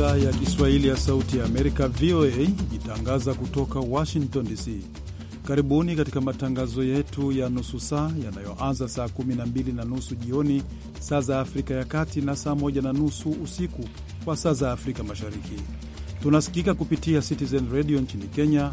idhaa ya Kiswahili ya Sauti ya Amerika, VOA, ikitangaza kutoka Washington DC. Karibuni katika matangazo yetu ya nusu saa yanayoanza saa 12 na nusu jioni saa za Afrika ya Kati na saa 1 na nusu usiku kwa saa za Afrika Mashariki. Tunasikika kupitia Citizen Radio nchini Kenya,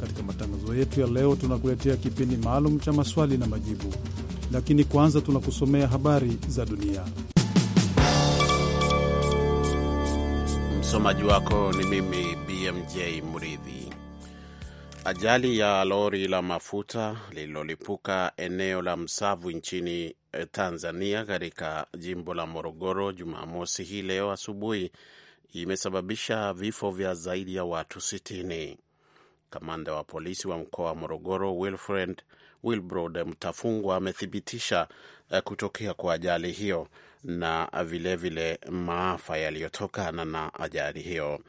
Katika matangazo yetu ya leo, tunakuletea kipindi maalum cha maswali na majibu, lakini kwanza tunakusomea habari za dunia. Msomaji wako ni mimi BMJ Mridhi. Ajali ya lori la mafuta lililolipuka eneo la Msavu nchini eh, Tanzania, katika jimbo la Morogoro Jumamosi hii leo asubuhi imesababisha vifo vya zaidi ya watu sitini. Kamanda wa polisi wa mkoa wa Morogoro Wilfred Wilbrod Mtafungwa amethibitisha eh, kutokea kwa ajali hiyo na vilevile maafa yaliyotokana na ajali hiyo.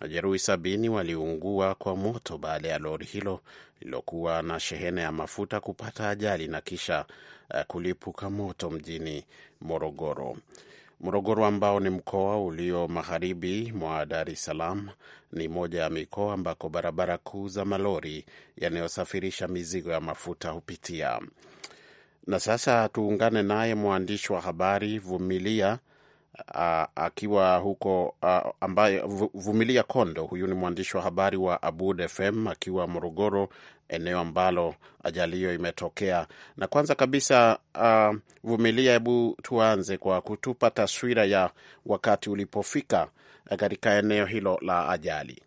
Majeruhi sabini waliungua kwa moto baada ya lori hilo lililokuwa na shehena ya mafuta kupata ajali na kisha eh, kulipuka moto mjini Morogoro. Morogoro ambao ni mkoa ulio magharibi mwa Dar es Salaam ni moja ya mikoa ambako barabara kuu za malori yanayosafirisha mizigo ya mafuta hupitia. Na sasa tuungane naye mwandishi wa habari Vumilia uh, akiwa huko uh, ambaye Vumilia Kondo, huyu ni mwandishi wa habari wa Abud FM akiwa Morogoro, eneo ambalo ajali hiyo imetokea. Na kwanza kabisa uh, Vumilia, hebu tuanze kwa kutupa taswira ya wakati ulipofika katika eneo hilo la ajali.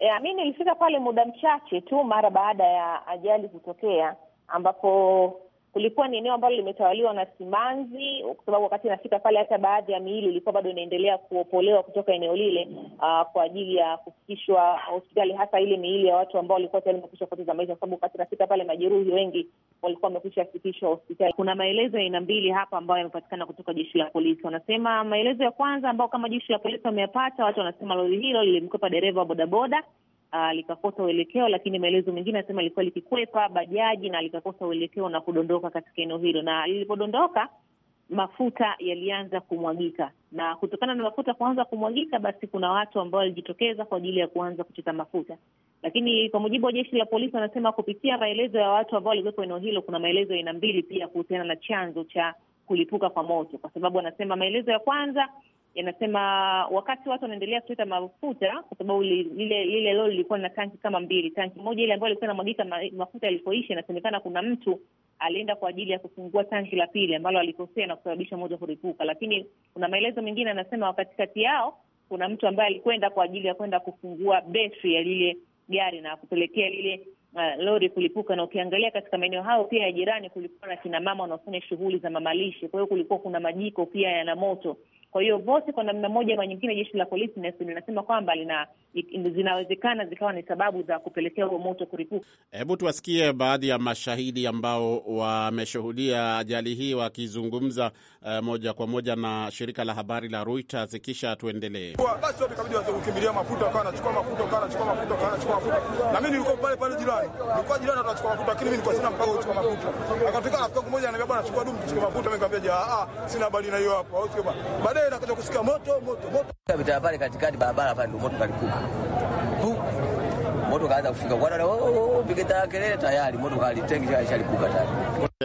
Yeah, mi nilifika pale muda mchache tu mara baada ya ajali kutokea ambapo kulikuwa ni eneo ambalo limetawaliwa na simanzi, kwa sababu wakati inafika pale, hata baadhi ya miili ilikuwa bado inaendelea kuopolewa kutoka eneo lile uh, kwa ajili ya kufikishwa hospitali, hasa ile miili ya watu ambao walikuwa tayari wamekwisha kupoteza maisha, kwa sababu wakati inafika pale, majeruhi wengi walikuwa wamekwisha fikishwa hospitali. Kuna maelezo ya aina mbili hapa ambayo yamepatikana kutoka jeshi la polisi. Wanasema maelezo ya kwanza ambao kama jeshi la polisi wameyapata, watu wanasema lori hilo lilimkwepa dereva wa bodaboda uh, likakosa uelekeo, lakini maelezo mengine anasema ilikuwa likikwepa bajaji na likakosa uelekeo na kudondoka katika eneo hilo, na lilipodondoka mafuta yalianza kumwagika, na kutokana na mafuta kuanza kumwagika, basi kuna watu ambao walijitokeza kwa ajili ya kuanza kuchota mafuta. Lakini kwa mujibu wa jeshi la polisi, wanasema kupitia maelezo ya watu ambao walikuwepo eneo hilo, kuna maelezo ya aina mbili pia kuhusiana na chanzo cha kulipuka kwa moto, kwa sababu anasema maelezo ya kwanza yanasema wakati watu wanaendelea kuleta mafuta, kwa sababu lile lile lori lilikuwa na tanki kama mbili. Tanki moja ile ambayo ilikuwa inamwagika mafuta yalipoisha, inasemekana kuna mtu alienda kwa ajili ya kufungua tanki la pili ambalo alikosea na kusababisha moto kuripuka. Lakini kuna maelezo mengine anasema katikati yao kuna mtu ambaye alikwenda kwa ajili ya kwenda kufungua betri ya lile gari na kupelekea lile uh, lori kulipuka. Na ukiangalia katika maeneo hayo pia ya jirani kulikuwa na kina mama wanaofanya shughuli za mamalishi kwa hiyo kulikuwa kuna majiko pia yana moto. Kwa hiyo vote kwa namna moja ama nyingine, jeshi la polisi linasema kwamba lina zinawezekana zikawa ni sababu za kupelekea huo moto kuripuka. Hebu tuwasikie baadhi ya mashahidi ambao wameshuhudia ajali hii wakizungumza uh, moja kwa moja na shirika la habari la Reuters, kisha tuendelee. Basi wote kabidi waanze kukimbilia mafuta, wakawa wanachukua mafuta, wakawa wanachukua mafuta, wakawa wanachukua mafuta, na mimi nilikuwa pale pale jirani, nilikuwa jirani, mafuta, lakini mimi nilikuwa sina mpango wa kuchukua mafuta. rafiki yangu mmoja ananiambia, bwana, chukua dumu mafuta. Mimi nikamwambia, ah sina habari na hiyo hapo. Baadaye nakaja kusikia moto moto moto, pale katikati barabara pale, ndio moto moto kaanza kufika oh, oh, oh, kelele tayari moto kalitengi tayari.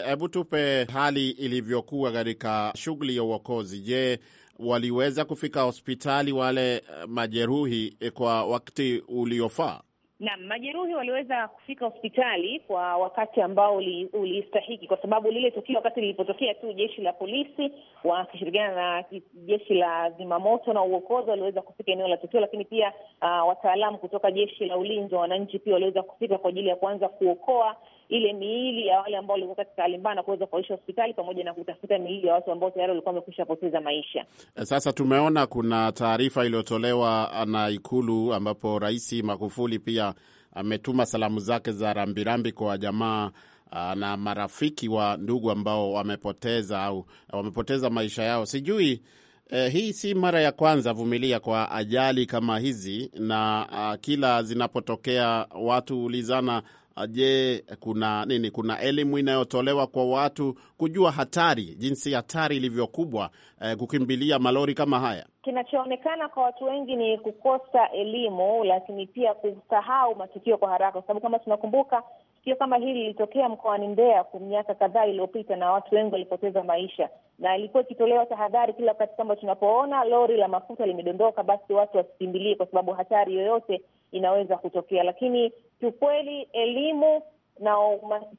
Hebu tupe hali ilivyokuwa katika shughuli ya uokozi. Je, waliweza kufika hospitali wale eh, majeruhi eh, kwa wakati uliofaa? Naam, majeruhi waliweza kufika hospitali kwa wakati ambao ulistahiki, kwa sababu lile tukio wakati lilipotokea tu, jeshi la polisi wakishirikiana na jeshi la zimamoto na uokozi waliweza kufika eneo la tukio, lakini pia uh, wataalamu kutoka jeshi la ulinzi wa wananchi pia waliweza kufika kwa ajili ya kuanza kuokoa ile miili ya wale ambao walikuwa katika hali mbaya na kuweza kuwaisha hospitali pamoja na kutafuta miili ya watu ambao tayari walikuwa wamekwisha poteza maisha. Eh, sasa tumeona kuna taarifa iliyotolewa eh, na Ikulu ambapo Rais Magufuli pia ametuma salamu zake za rambirambi kwa jamaa eh, na marafiki wa ndugu ambao wamepoteza au wamepoteza maisha yao. Sijui eh, hii si mara ya kwanza vumilia kwa ajali kama hizi, na uh, kila zinapotokea watu ulizana Je, kuna nini? Kuna elimu inayotolewa kwa watu kujua hatari, jinsi hatari ilivyo kubwa eh, kukimbilia malori kama haya? Kinachoonekana kwa watu wengi ni kukosa elimu, lakini pia kusahau matukio kwa haraka, kwa sababu kama tunakumbuka Tukio kama hili lilitokea mkoani Mbeya miaka kadhaa iliyopita na watu wengi walipoteza maisha, na ilikuwa ikitolewa tahadhari kila wakati kwamba tunapoona lori la mafuta limedondoka, basi watu wasikimbilie, kwa sababu hatari yoyote inaweza kutokea. Lakini kiukweli elimu na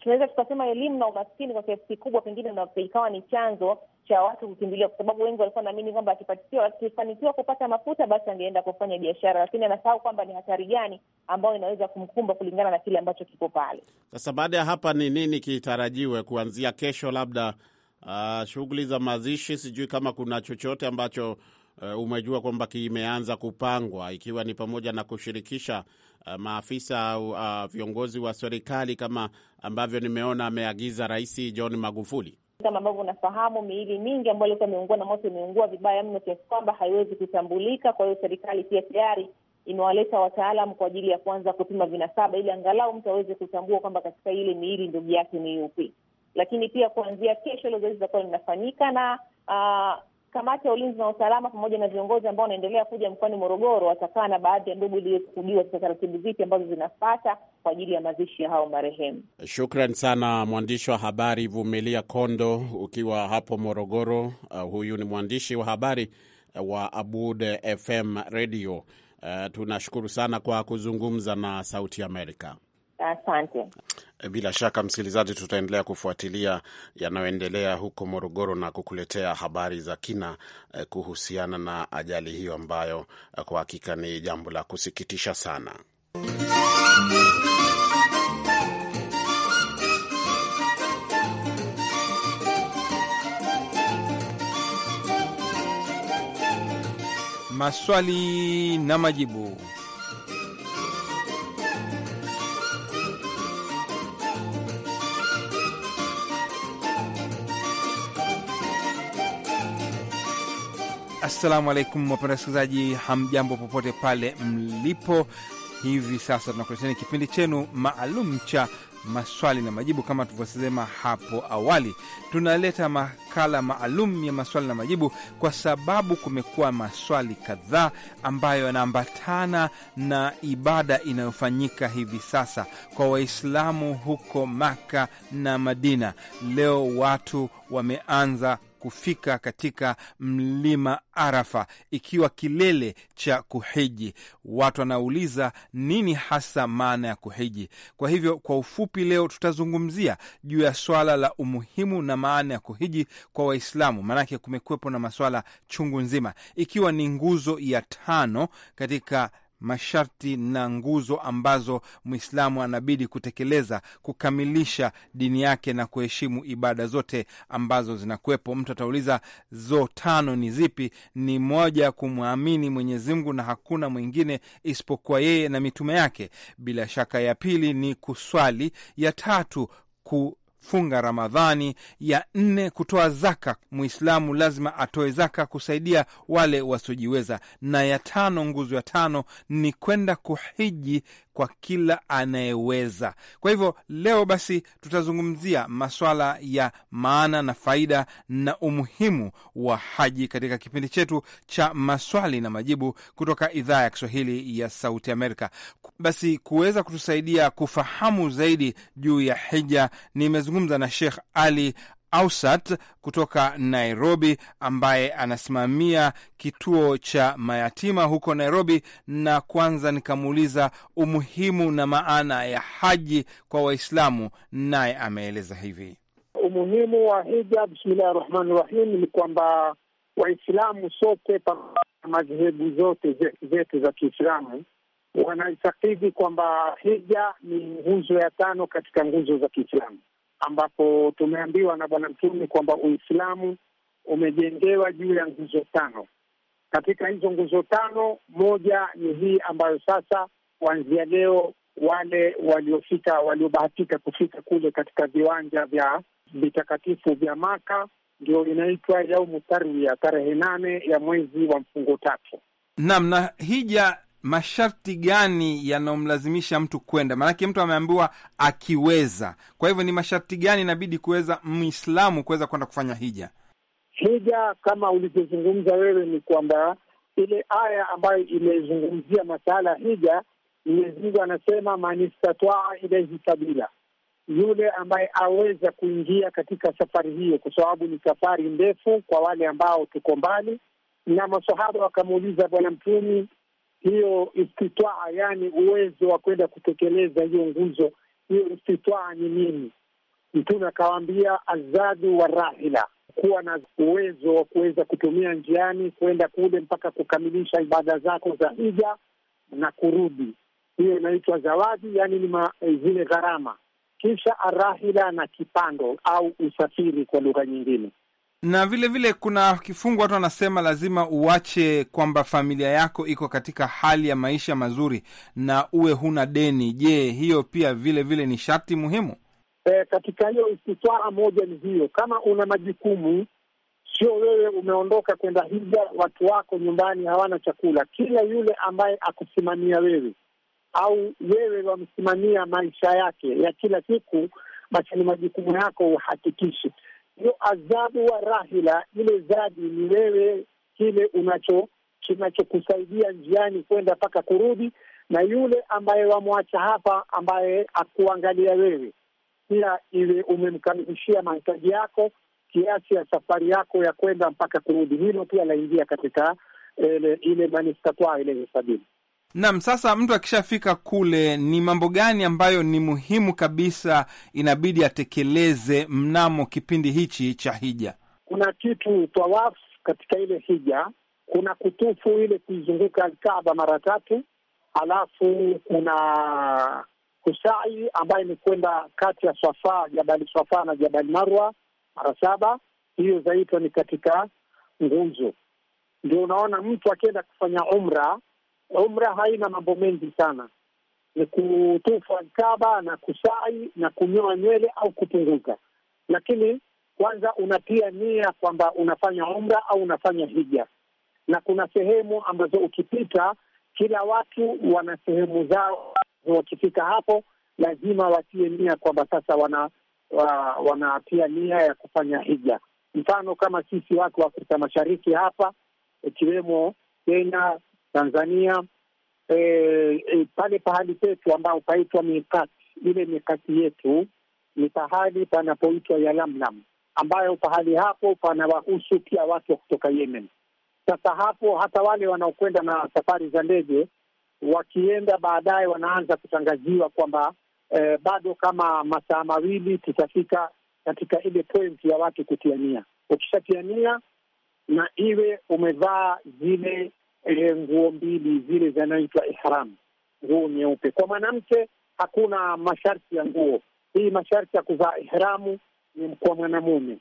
tunaweza tukasema elimu na umaskini kwa kiasi kikubwa pengine ikawa ni chanzo cha watu kukimbilia, kwa sababu wengi walikuwa naamini kwamba akifanikiwa kupata mafuta basi angeenda kufanya biashara, lakini anasahau kwamba ni hatari gani ambayo inaweza kumkumba kulingana na kile ambacho kiko pale. Sasa baada ya hapa ni nini kitarajiwe kuanzia kesho? Labda uh, shughuli za mazishi, sijui kama kuna chochote ambacho uh, umejua kwamba kimeanza kupangwa ikiwa ni pamoja na kushirikisha uh, maafisa au uh, viongozi wa serikali kama ambavyo nimeona ameagiza Rais John Magufuli. Kama ambavyo unafahamu, miili mingi ambayo ilikuwa imeungua na moto imeungua vibaya mno kiasi kwamba haiwezi kutambulika. Kwa hiyo serikali pia tayari imewaleta wataalam kwa ajili ya kuanza kupima vinasaba, ili angalau mtu aweze kutambua kwamba katika ile miili ndugu yake ni yupi. Lakini pia kuanzia kesho, hilo zoezi litakuwa linafanyika na uh, kamati ya ulinzi na usalama pamoja na viongozi ambao wanaendelea kuja mkoani Morogoro watakaa na baadhi ya ndugu ili kujua sasa taratibu zipi ambazo zinafata kwa ajili ya mazishi ya hao marehemu. Shukran sana mwandishi wa habari Vumilia Kondo ukiwa hapo Morogoro. Uh, huyu ni mwandishi wa habari uh, wa Abud FM Radio. Uh, tunashukuru sana kwa kuzungumza na Sauti Amerika. Asante. Eh, bila shaka msikilizaji, tutaendelea kufuatilia yanayoendelea huko Morogoro na kukuletea habari za kina eh, kuhusiana na ajali hiyo ambayo eh, kwa hakika ni jambo la kusikitisha sana. Maswali na majibu. Assalamu alaikum wapenda wasikilizaji, hamjambo popote pale mlipo. Hivi sasa tunakuleteni kipindi chenu maalum cha maswali na majibu. Kama tulivyosema hapo awali, tunaleta makala maalum ya maswali na majibu kwa sababu kumekuwa maswali kadhaa ambayo yanaambatana na ibada inayofanyika hivi sasa kwa Waislamu huko Maka na Madina. Leo watu wameanza kufika katika mlima Arafa, ikiwa kilele cha kuhiji. Watu wanauliza nini hasa maana ya kuhiji. Kwa hivyo, kwa ufupi, leo tutazungumzia juu ya swala la umuhimu na maana ya kuhiji kwa Waislamu, maanake kumekuwepo na maswala chungu nzima, ikiwa ni nguzo ya tano katika masharti na nguzo ambazo Mwislamu anabidi kutekeleza kukamilisha dini yake na kuheshimu ibada zote ambazo zinakuwepo. Mtu atauliza zo tano ni zipi? Ni moja, kumwamini Mwenyezi Mungu na hakuna mwingine isipokuwa yeye na mitume yake, bila shaka. Ya pili ni kuswali. Ya tatu ku funga Ramadhani ya nne, kutoa zaka. Mwislamu lazima atoe zaka kusaidia wale wasiojiweza. Na ya tano, nguzo ya tano ni kwenda kuhiji kwa kila anayeweza. Kwa hivyo leo basi tutazungumzia maswala ya maana na faida na umuhimu wa haji katika kipindi chetu cha maswali na majibu kutoka idhaa ya Kiswahili ya Sauti Amerika. Basi kuweza kutusaidia kufahamu zaidi juu ya hija, nimezungumza na Sheikh Ali Ausat kutoka Nairobi, ambaye anasimamia kituo cha mayatima huko Nairobi, na kwanza nikamuuliza umuhimu na maana ya haji kwa Waislamu, naye ameeleza hivi. Umuhimu wa hija, bismillahi rahmani rahim, ni kwamba Waislamu sote pamoja na madhehebu zote zetu za Kiislamu wanaitakidi kwamba hija ni nguzo ya tano katika nguzo za Kiislamu ambapo tumeambiwa na Bwana Mtume kwamba Uislamu umejengewa juu ya nguzo tano. Katika hizo nguzo tano, moja ni hii ambayo sasa kuanzia leo wale waliofika waliobahatika kufika kule katika viwanja vya vitakatifu vya Maka ndio inaitwa yaumu tarwia, tarehe nane ya mwezi wa mfungo tatu. Naam, na hija masharti gani yanayomlazimisha mtu kwenda? Maanake mtu ameambiwa akiweza, kwa hivyo ni masharti gani inabidi kuweza Mwislamu kuweza kwenda kufanya hija? Hija kama ulivyozungumza wewe ni kwamba ile aya ambayo imezungumzia masala hija, Mwenyezi Mungu anasema manistatwaa ilaihi sabila, yule ambaye aweza kuingia katika safari hiyo, kwa sababu ni safari ndefu kwa wale ambao tuko mbali. Na masahaba wakamuuliza Bwana Mtume, hiyo istitwaa, yani uwezo wa kwenda kutekeleza hiyo nguzo. Hiyo istitwaa ni nini? Mtume akawaambia azadu wa rahila, kuwa na uwezo wa kuweza kutumia njiani kwenda kule mpaka kukamilisha ibada zako za hija na kurudi. Hiyo inaitwa zawadi, yani ni zile gharama. Kisha arahila na kipando au usafiri kwa lugha nyingine na vilevile vile kuna kifungu watu wanasema lazima uache kwamba familia yako iko katika hali ya maisha mazuri na uwe huna deni. Je, hiyo pia vilevile vile ni sharti muhimu? E, katika hiyo istiswara moja ni hiyo, kama una majukumu, sio wewe umeondoka kwenda hija, watu wako nyumbani hawana chakula, kila yule ambaye akusimamia wewe au wewe wamsimamia maisha yake ya kila siku, basi ni majukumu yako uhakikishe hiyo adhabu wa rahila, ile zadi ni wewe, kile unacho kinachokusaidia njiani kwenda mpaka kurudi, na yule ambaye wamwacha hapa, ambaye akuangalia wewe pia, iwe umemkamilishia mahitaji yako kiasi ya safari yako ya kwenda mpaka kurudi. Hilo pia laingia katika ele, eh, ile manistatwa ile sabili Nam, sasa mtu akishafika kule, ni mambo gani ambayo ni muhimu kabisa inabidi atekeleze mnamo kipindi hichi cha hija? Kuna kitu tawafu katika ile hija, kuna kutufu ile kuizunguka kaba mara tatu, alafu kuna kusai ambayo ni kwenda kati ya Swafa, Jabali Swafa na Jabali Marwa mara saba. Hiyo zaitwa ni katika nguzo. Ndio unaona mtu akienda kufanya umra umra haina mambo mengi sana, ni kutufa Kaba na kusai na kunyoa nywele au kupunguza. Lakini kwanza unatia nia kwamba unafanya umra au unafanya hija, na kuna sehemu ambazo ukipita, kila watu wana sehemu zao, wakifika hapo lazima watie nia kwamba sasa wana wa, wanatia nia ya kufanya hija. Mfano kama sisi watu wa Afrika Mashariki hapa ikiwemo Kenya, Tanzania e, e, pale pahali petu ambao paitwa mikati, ile mikati yetu ni pahali panapoitwa Yalamlam, ambayo pahali hapo panawahusu pia watu wa kutoka Yemen. Sasa hapo hata wale wanaokwenda na safari za ndege wakienda baadaye, wanaanza kutangaziwa kwamba eh, bado kama masaa mawili tutafika katika ile point ya watu kutiania. Ukishatiania na iwe umevaa zile e, nguo mbili zile zinaitwa ihram, nguo nyeupe. Kwa mwanamke hakuna masharti ya nguo hii, masharti ya kuvaa ihramu ni kwa mwanamume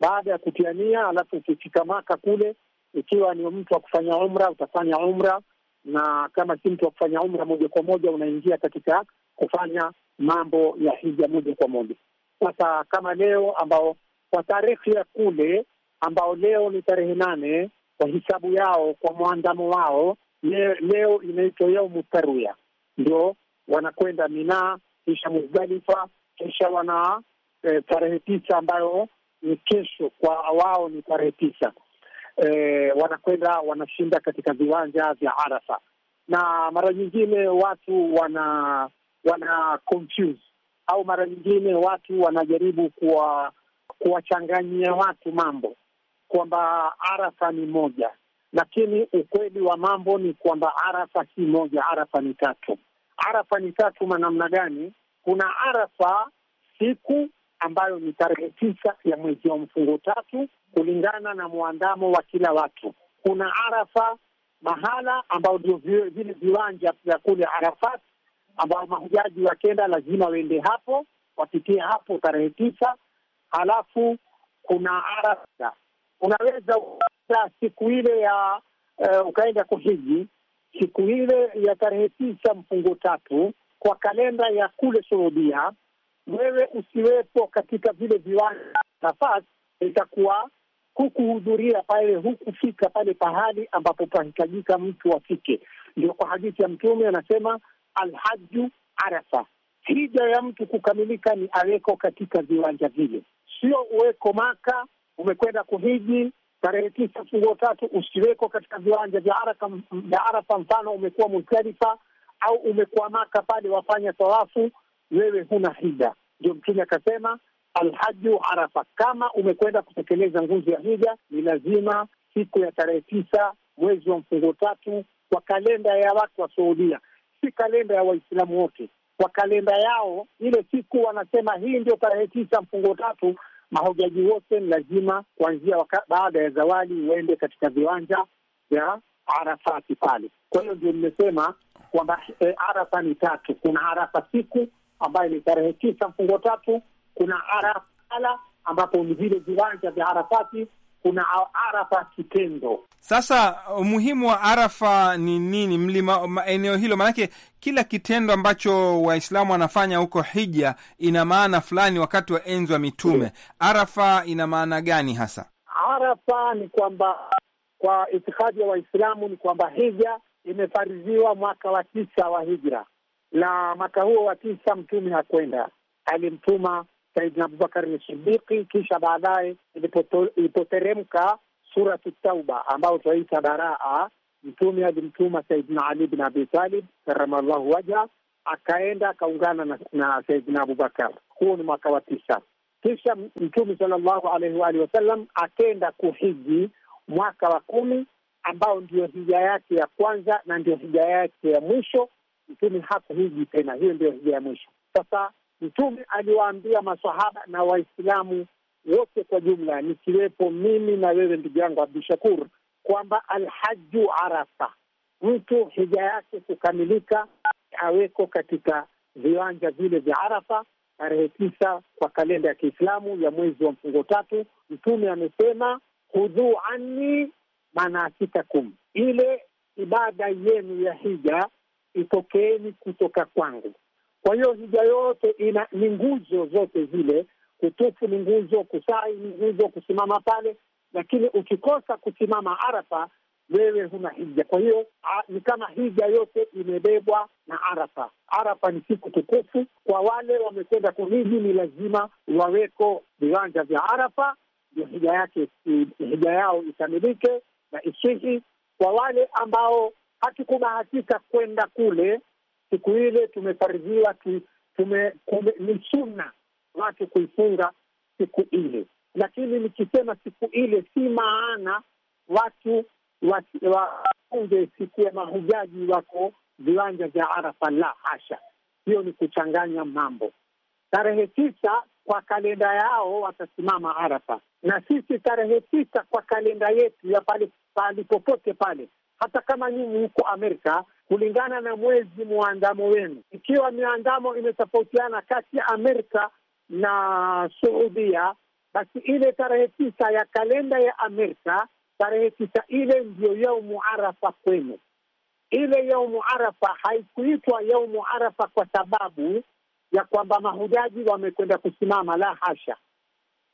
baada ya kutia nia, alafu ukifika Maka kule, ikiwa ni mtu wa kufanya umra utafanya umra, na kama si mtu wa kufanya umra moja kwa moja unaingia katika kufanya mambo ya hija moja kwa moja. Sasa kama leo ambao kwa tarehe ya kule ambao leo ni tarehe nane kwa hisabu yao, kwa mwandamo wao. Leo, leo inaitwa yaumu tarwiya, ndio wanakwenda Minaa, kisha Muzdalifa, kisha wana e, tarehe tisa ambayo ni kesho kwa wao ni tarehe tisa. E, wanakwenda wanashinda katika viwanja vya Arafa, na mara nyingine watu wana wana confuse au mara nyingine watu wanajaribu kuwa kuwachanganyia watu mambo kwamba Arafa ni moja, lakini ukweli wa mambo ni kwamba Arafa si moja, Arafa ni tatu. Arafa ni tatu manamna gani? Kuna Arafa siku ambayo ni tarehe tisa ya mwezi wa mfungo tatu kulingana na mwandamo wa kila watu. Kuna Arafa mahala ambao ndio vile viwanja vya kule Arafat ambao mahujaji wakenda lazima waende hapo, wapitie hapo tarehe tisa. Halafu kuna Arafa unaweza a siku ile ya uh, ukaenda kuhiji siku ile ya tarehe tisa mfungo tatu kwa kalenda ya kule Saudia, wewe usiwepo katika vile viwanja nafasi, itakuwa hukuhudhuria pale, hukufika pale pahali ambapo pahitajika mtu afike. Ndio kwa hadithi ya Mtume anasema alhaju Arafa, hija ya mtu kukamilika ni aweko katika viwanja vile, sio uweko Maka umekwenda kuhiji tarehe tisa mfungo tatu usiweko katika viwanja vya Arafa, mfano umekuwa Muzdalifa au umekuwa Maka pale wafanya tawafu, wewe huna hija. Ndio Mtume akasema alhaju Arafa. Kama umekwenda kutekeleza nguzo ya hija, ni lazima siku ya tarehe tisa mwezi wa mfungo tatu, kwa kalenda ya watu wa Saudia, si kalenda ya Waislamu wote. Kwa kalenda yao ile siku wanasema hii ndio tarehe tisa mfungo tatu mahujaji wote ni lazima kuanzia baada ya zawali uende katika viwanja vya Arafati pale. Kwa hiyo ndio nimesema kwamba e, Arafa ni tatu. Kuna Arafa siku ambayo ni tarehe tisa mfungo tatu. Kuna Arafa ambapo ni vile viwanja vya Arafati kuna Arafa kitendo. Sasa umuhimu wa Arafa ni nini, mlima eneo hilo? Maanake kila kitendo ambacho Waislamu wanafanya huko hija ina maana fulani wakati wa enzi wa mitume hmm. Arafa ina maana gani hasa? Arafa ni kwamba kwa itikadi ya Waislamu ni kwamba hija imefariziwa mwaka wa tisa wa hijra, na mwaka huo wa tisa mtume hakwenda, alimtuma Saidna Abubakar ni Sidiki, kisha baadaye ilipoteremka Suratu Tauba ambayo tunaita baraa. Mtume alimtuma Saidna Ali bin Abi Talib karamallahu wajha, akaenda akaungana na, na Saidna Abubakar. Huo ni mwaka wa tisa. Kisha Mtume sallallahu alaihi wa alihi wasallam akenda kuhiji mwaka wa kumi ambao ndio hija yake ya kwanza na ndio hija yake ya mwisho. Mtume hakuhiji tena, hiyo ndio hija ya mwisho. Sasa Mtume aliwaambia masahaba na Waislamu wote kwa jumla, nikiwepo mimi na wewe ndugu yangu abdushakur kwamba alhaju arafa, mtu hija yake kukamilika aweko katika viwanja vile vya Arafa tarehe tisa kwa kalenda ya Kiislamu ya mwezi wa mfungo tatu. Mtume amesema hudhu anni manasikakum, ile ibada yenu ya hija itokeeni kutoka kwangu. Kwa hiyo hija yote ina ni nguzo zote zile, kutufu ni nguzo, kusai ni nguzo, kusimama pale. Lakini ukikosa kusimama Arafa, wewe huna hija. Kwa hiyo ni kama hija yote imebebwa na Arafa. Arafa ni siku tukufu. Kwa wale wamekwenda kuhiji, ni lazima waweko viwanja vya Arafa, ndio hija yake, hija yao ikamilike na ishihi. Kwa wale ambao hakikubahatika kwenda kule siku ile tumefaridhiwa tume, ni sunna watu kuifunga siku ile, lakini nikisema siku ile si maana watu wafunge siku ya mahujaji wako viwanja vya Arafa. La hasha, hiyo ni kuchanganya mambo. Tarehe tisa kwa kalenda yao watasimama Arafa, na sisi tarehe tisa kwa kalenda yetu ya pale pali popote pale, hata kama nyinyi huko Amerika kulingana na mwezi muandamo wenu. Ikiwa miandamo imetofautiana kati ya Amerika na Suudia, basi ile tarehe tisa ya kalenda ya Amerika, tarehe tisa ile ndiyo yaumu arafa kwenu. Ile yaumu arafa haikuitwa yaumu arafa kwa sababu ya kwamba mahujaji wamekwenda kusimama, la hasha.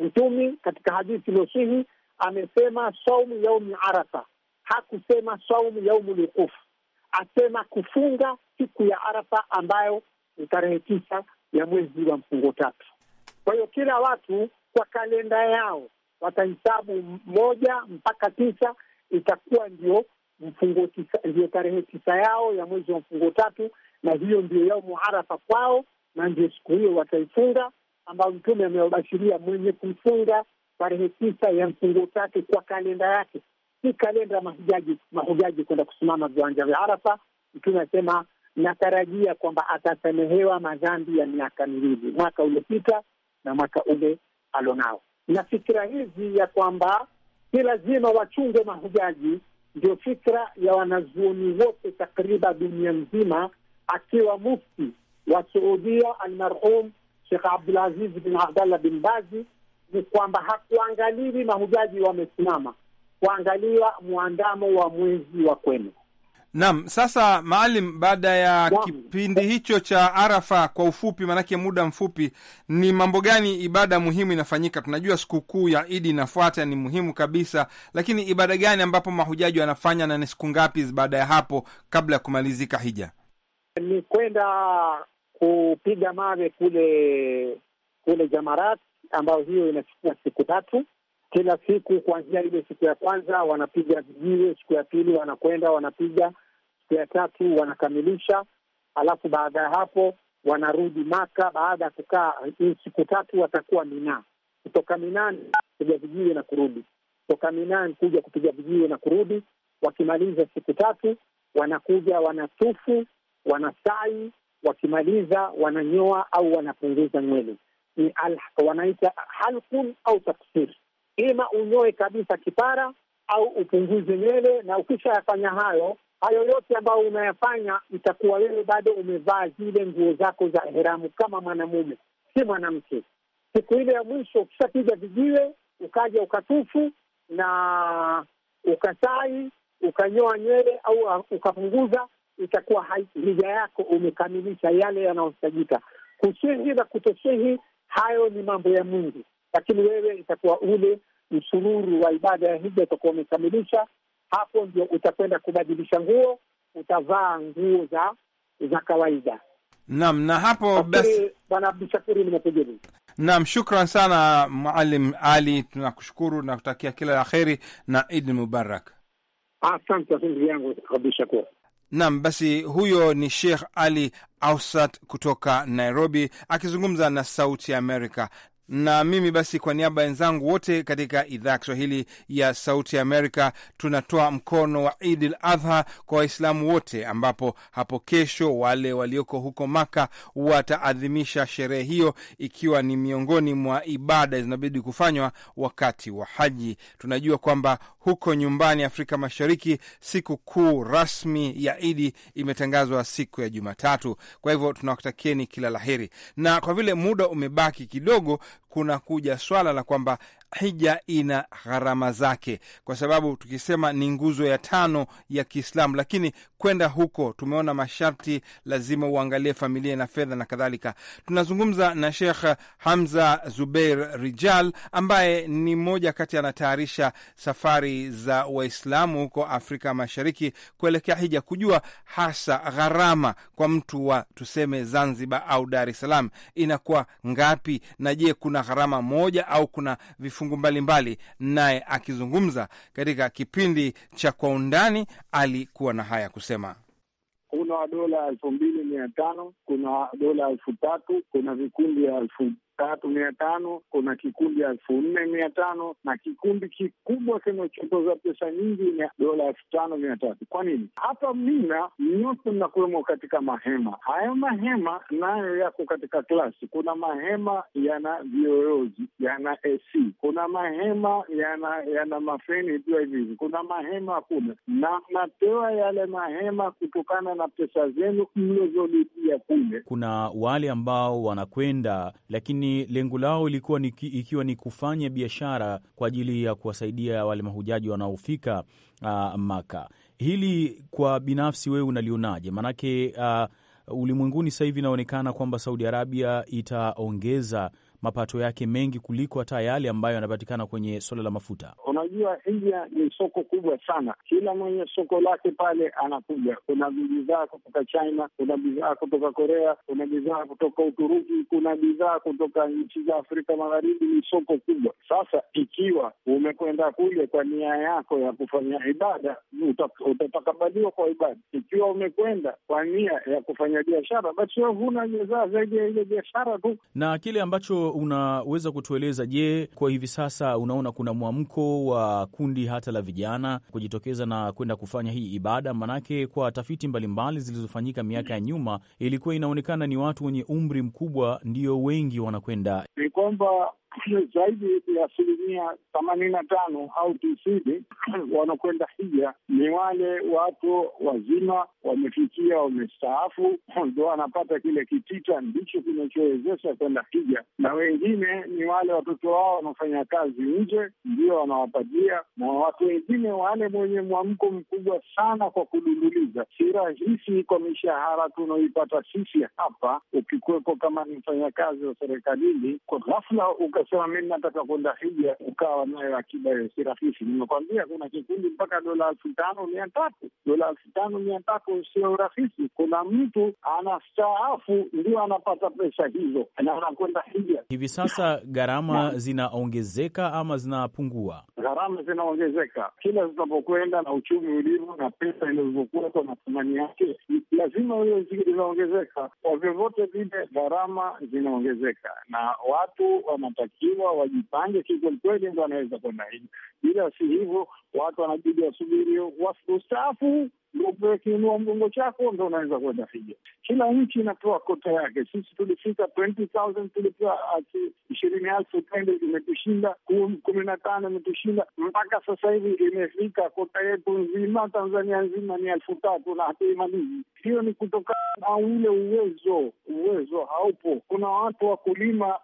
Mtumi katika hadithi iliyosihi amesema saumu yaumu arafa, hakusema saumu yaumu lukufu asema kufunga siku ya Arafa ambayo ni tarehe tisa ya mwezi wa mfungo tatu. Kwa hiyo kila watu kwa kalenda yao watahesabu moja mpaka tisa, itakuwa ndio mfungo tisa, ndio tarehe tisa yao ya mwezi wa mfungo tatu, na hiyo ndio yao muharafa kwao, na ndio siku hiyo wataifunga, ambayo Mtume amewabashiria mwenye kumfunga tarehe tisa ya mfungo tatu kwa kalenda yake si kalenda ya mahujaji mahujaji kwenda kusimama viwanja vya Arafa. Mtume asema natarajia kwamba atasamehewa madhambi ya miaka miwili, mwaka uliopita na mwaka ule alonao. Na fikira hizi ya kwamba si lazima wachungwe mahujaji ndio fikra ya wanazuoni wote takriban dunia nzima, akiwa mufti wa Suudia almarhum Shekh Abdulaziz bin Abdallah bin Bazi, ni kwamba hakuangalili mahujaji wamesimama kuangalia mwandamo wa mwezi wa kwenu. Naam, sasa Maalim, baada ya Naam, kipindi hicho cha Arafa, kwa ufupi, maanake muda mfupi, ni mambo gani ibada muhimu inafanyika? Tunajua sikukuu ya Idi inafuata, ni muhimu kabisa, lakini ibada gani ambapo mahujaji wanafanya na ni siku ngapi baada ya hapo, kabla ya kumalizika hija? Ni kwenda kupiga mawe kule kule Jamarat, ambayo hiyo inachukua siku tatu kila siku kuanzia ile siku ya kwanza wanapiga vijiwe, siku ya pili wanakwenda wanapiga, siku ya tatu wanakamilisha, alafu baada ya hapo wanarudi Maka. Baada ya kukaa eh, siku tatu watakuwa Mina, kutoka Mina kupiga vijiwe na kurudi, kutoka Mina kuja kupiga vijiwe na kurudi. Wakimaliza siku tatu wanakuja wanatufu, wanasai, wakimaliza wananyoa au wanapunguza nywele, ni wanaita halkun au taksir ima unyoe kabisa kipara au upunguze nywele. Na ukishayafanya hayo hayo yote ambayo unayafanya, itakuwa wewe bado umevaa zile nguo zako za ihramu kama mwanamume, si mwanamke. Siku ile ya mwisho ukishapiga vijiwe, ukaja ukatufu na ukasai, ukanyoa nywele au uh, ukapunguza, itakuwa hija yako umekamilisha yale yanayohitajika. Kushehi na kutoshehi, hayo ni mambo ya Mungu lakini wewe itakuwa ule msururu wa ibada ya hija utakuwa umekamilisha. Hapo ndio utakwenda kubadilisha nguo, utavaa nguo za za kawaida. Naam, na hapo basi, Bwana Abdushakuru, nimekujibu. Naam, shukran sana maalim Ali, tunakushukuru na kutakia kila la kheri na id Mubarak. Asante ndugu yangu Abdushakur. Naam, basi huyo ni Sheikh Ali Ausat kutoka Nairobi akizungumza na Sauti ya Amerika na mimi basi, kwa niaba ya wenzangu wote katika idhaa ya Kiswahili ya Sauti ya Amerika, tunatoa mkono wa Idil Adha kwa Waislamu wote, ambapo hapo kesho wale walioko huko Maka wataadhimisha sherehe hiyo, ikiwa ni miongoni mwa ibada zinabidi kufanywa wakati wa haji. Tunajua kwamba huko nyumbani Afrika Mashariki, siku kuu rasmi ya Idi imetangazwa siku ya Jumatatu. Kwa hivyo tunawatakieni kila laheri, na kwa vile muda umebaki kidogo kuna kuja swala la kwamba hija ina gharama zake, kwa sababu tukisema ni nguzo ya tano ya Kiislamu, lakini kwenda huko tumeona masharti, lazima uangalie familia na fedha na kadhalika. Tunazungumza na shekh Hamza Zubeir Rijal ambaye ni mmoja kati anatayarisha safari za Waislamu huko Afrika Mashariki kuelekea hija, kujua hasa gharama kwa mtu wa tuseme Zanzibar au Dar es Salaam inakuwa ngapi, na je kuna gharama moja au kuna vifu mafungu mbalimbali, naye akizungumza katika kipindi cha Kwa Undani alikuwa na haya kusema. Kuna dola elfu mbili mia tano kuna dola elfu tatu kuna vikundi ya elfu tatu mia tano kuna kikundi elfu nne mia tano na kikundi kikubwa kinachotoza pesa nyingi ni dola elfu tano mia tatu Kwa nini hapa Mina nyote mnakuwemo katika mahema haya Mahema nayo yako katika klasi. Kuna mahema yana vioyozi yana AC, kuna mahema yana yana mafeni ikiwa hivi hivi, kuna mahema hakuna, na napewa yale mahema kutokana na pesa zenu mlizolipia kule. Kuna wale ambao wanakwenda lakini lakini lengo lao ilikuwa ni, ikiwa ni kufanya biashara kwa ajili ya kuwasaidia wale mahujaji wanaofika uh, Maka. Hili kwa binafsi wewe unalionaje? Maanake uh, ah, ulimwenguni sasa hivi inaonekana kwamba Saudi Arabia itaongeza mapato yake mengi kuliko hata yale ambayo yanapatikana kwenye suala la mafuta. Unajua, India ni soko kubwa sana, kila mwenye soko lake pale anakuja. Kuna bidhaa kutoka China, kuna bidhaa kutoka Korea, kuna bidhaa kutoka Uturuki, kuna bidhaa kutoka nchi za Afrika Magharibi. Ni soko kubwa. Sasa ikiwa umekwenda kule kwa nia yako ya kufanya ibada, utatakabaliwa kwa ibada. Ikiwa umekwenda kwa nia ya kufanya biashara, basi huna bidhaa zaidi ya ile biashara tu, na kile ambacho unaweza kutueleza, je, kwa hivi sasa unaona kuna mwamko wa kundi hata la vijana kujitokeza na kwenda kufanya hii ibada? Manake kwa tafiti mbalimbali zilizofanyika miaka ya nyuma ilikuwa inaonekana ni watu wenye umri mkubwa ndio wengi wanakwenda. Ni kwamba zaidi ya asilimia themanini na tano au tisini wanakwenda hija ni wale watu wazima wamefikia wamestaafu, ndo wanapata kile kitita ndicho kinachowezesha kwenda hija, na wengine ni wale watoto wao wanafanya kazi nje ndio wanawapatia, na watu wengine wale mwenye mwamko mkubwa sana kwa kudunduliza. Si rahisi kwa mishahara tunaoipata sisi hapa, ukikuwepo kama ni mfanyakazi wa serikalini, kwa ghafla uka Nikasema mi nataka kwenda hija, ukawa nayo akiba si rahisi. Nimekwambia kuna kikundi mpaka dola elfu tano mia tatu dola elfu tano mia tatu sio rahisi. Kuna mtu anastaafu ndio anapata pesa hizo na anakwenda hija. Hivi sasa gharama zinaongezeka ama zinapungua? Gharama zinaongezeka kila zinapokwenda na uchumi ulivyo na pesa ilivyokuwepo na thamani yake, lazima hiyo zinaongezeka. Kwa vyovyote vile, gharama zinaongezeka na watu wanatakiwa wanatakiwa wajipange kikwelikweli, ndo anaweza kwenda hivi, ila si hivyo, watu wanabidi wasubiri wastaafu ndo upewe kiinua mgongo chako, ndo unaweza kwenda hija. Kila nchi inatoa kota yake. Sisi tulifika tulipewa ishirini elfu tende, imetushinda kumi na tano imetushinda mpaka sasa hivi imefika kota yetu nzima, Tanzania nzima ni elfu tatu na hatuimalizi. Hiyo ni kutokana na ule uwezo, uwezo haupo. Kuna watu wakulima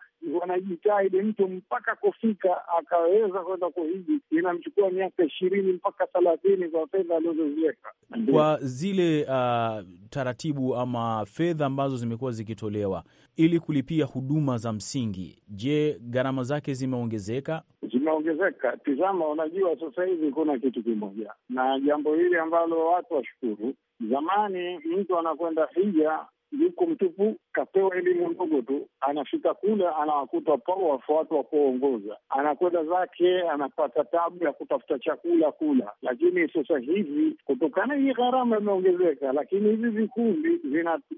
wanajitahidi mtu mpaka kufika akaweza kwenda kuhiji, inamchukua miaka ishirini mpaka thelathini kwa fedha alizoziweka kwa zile uh, taratibu ama fedha ambazo zimekuwa zikitolewa ili kulipia huduma za msingi. Je, gharama zake zimeongezeka? Zimeongezeka. Tizama, unajua sasa hivi kuna kitu kimoja na jambo hili ambalo watu washukuru Zamani mtu anakwenda hija yuko mtupu, kapewa elimu ndogo tu. Anafika kule anawakuta powerfu watu wa kuongoza, anakwenda zake, anapata tabu ya kutafuta chakula kula. Lakini sasa hivi kutokana hii gharama imeongezeka, lakini hivi vikundi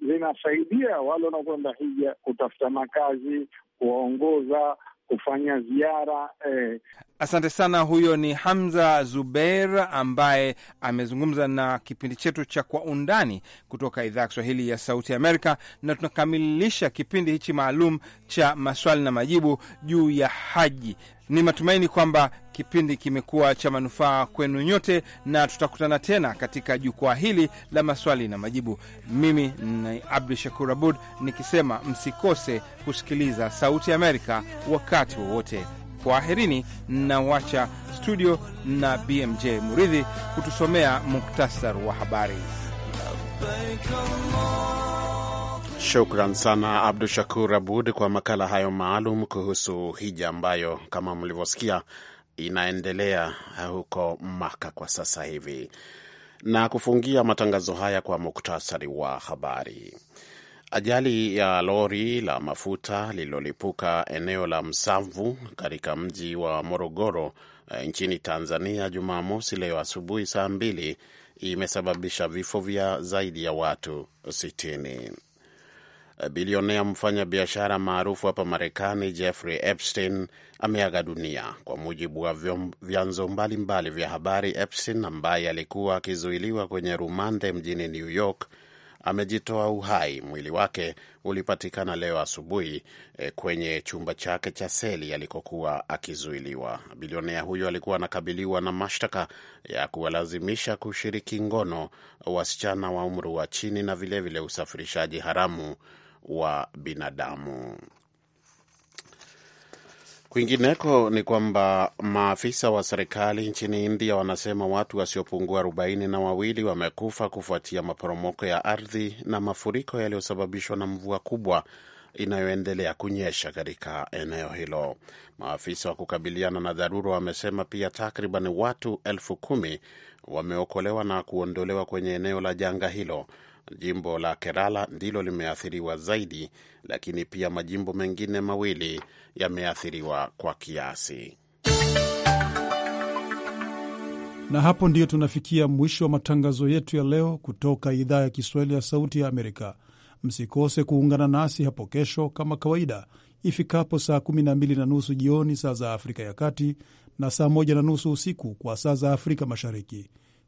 vinasaidia zina wale wanaokwenda hija kutafuta makazi, kuwaongoza kufanya ziara eh. Asante sana. Huyo ni Hamza Zubeir ambaye amezungumza na kipindi chetu cha Kwa Undani kutoka idhaa ya Kiswahili ya Sauti Amerika. Na tunakamilisha kipindi hichi maalum cha maswali na majibu juu ya haji. Ni matumaini kwamba kipindi kimekuwa cha manufaa kwenu nyote, na tutakutana tena katika jukwaa hili la maswali na majibu. Mimi ni Abdu Shakur Abud nikisema msikose kusikiliza Sauti Amerika wakati wowote kwaherini, na wacha studio na BMJ Muridhi kutusomea muktasar wa habari. Shukran sana Abdu Shakur Abud kwa makala hayo maalum kuhusu hija ambayo kama mlivyosikia inaendelea huko Maka kwa sasa hivi, na kufungia matangazo haya kwa muktasari wa habari. Ajali ya lori la mafuta lililolipuka eneo la Msamvu katika mji wa Morogoro eh, nchini Tanzania Jumamosi leo asubuhi saa mbili imesababisha vifo vya zaidi ya watu sitini. Eh, bilionea mfanya biashara maarufu hapa Marekani Jeffrey Epstein ameaga dunia, kwa mujibu wa vyanzo mbalimbali vya habari. Epstein ambaye alikuwa akizuiliwa kwenye rumande mjini New York amejitoa uhai. Mwili wake ulipatikana leo asubuhi e, kwenye chumba chake cha seli alikokuwa akizuiliwa. Bilionea huyo alikuwa anakabiliwa na mashtaka ya kuwalazimisha kushiriki ngono wasichana wa umri wa chini na vilevile vile usafirishaji haramu wa binadamu. Kwingineko ni kwamba maafisa wa serikali nchini India wanasema watu wasiopungua arobaini na wawili wamekufa kufuatia maporomoko ya ardhi na mafuriko yaliyosababishwa na mvua kubwa inayoendelea kunyesha katika eneo hilo. Maafisa wa kukabiliana na dharura wamesema pia takriban watu elfu kumi wameokolewa na kuondolewa kwenye eneo la janga hilo jimbo la Kerala ndilo limeathiriwa zaidi, lakini pia majimbo mengine mawili yameathiriwa kwa kiasi. Na hapo ndiyo tunafikia mwisho wa matangazo yetu ya leo kutoka idhaa ya Kiswahili ya Sauti ya Amerika. Msikose kuungana nasi hapo kesho kama kawaida ifikapo saa 12 na nusu jioni saa za Afrika ya Kati na saa 1 na nusu usiku kwa saa za Afrika Mashariki.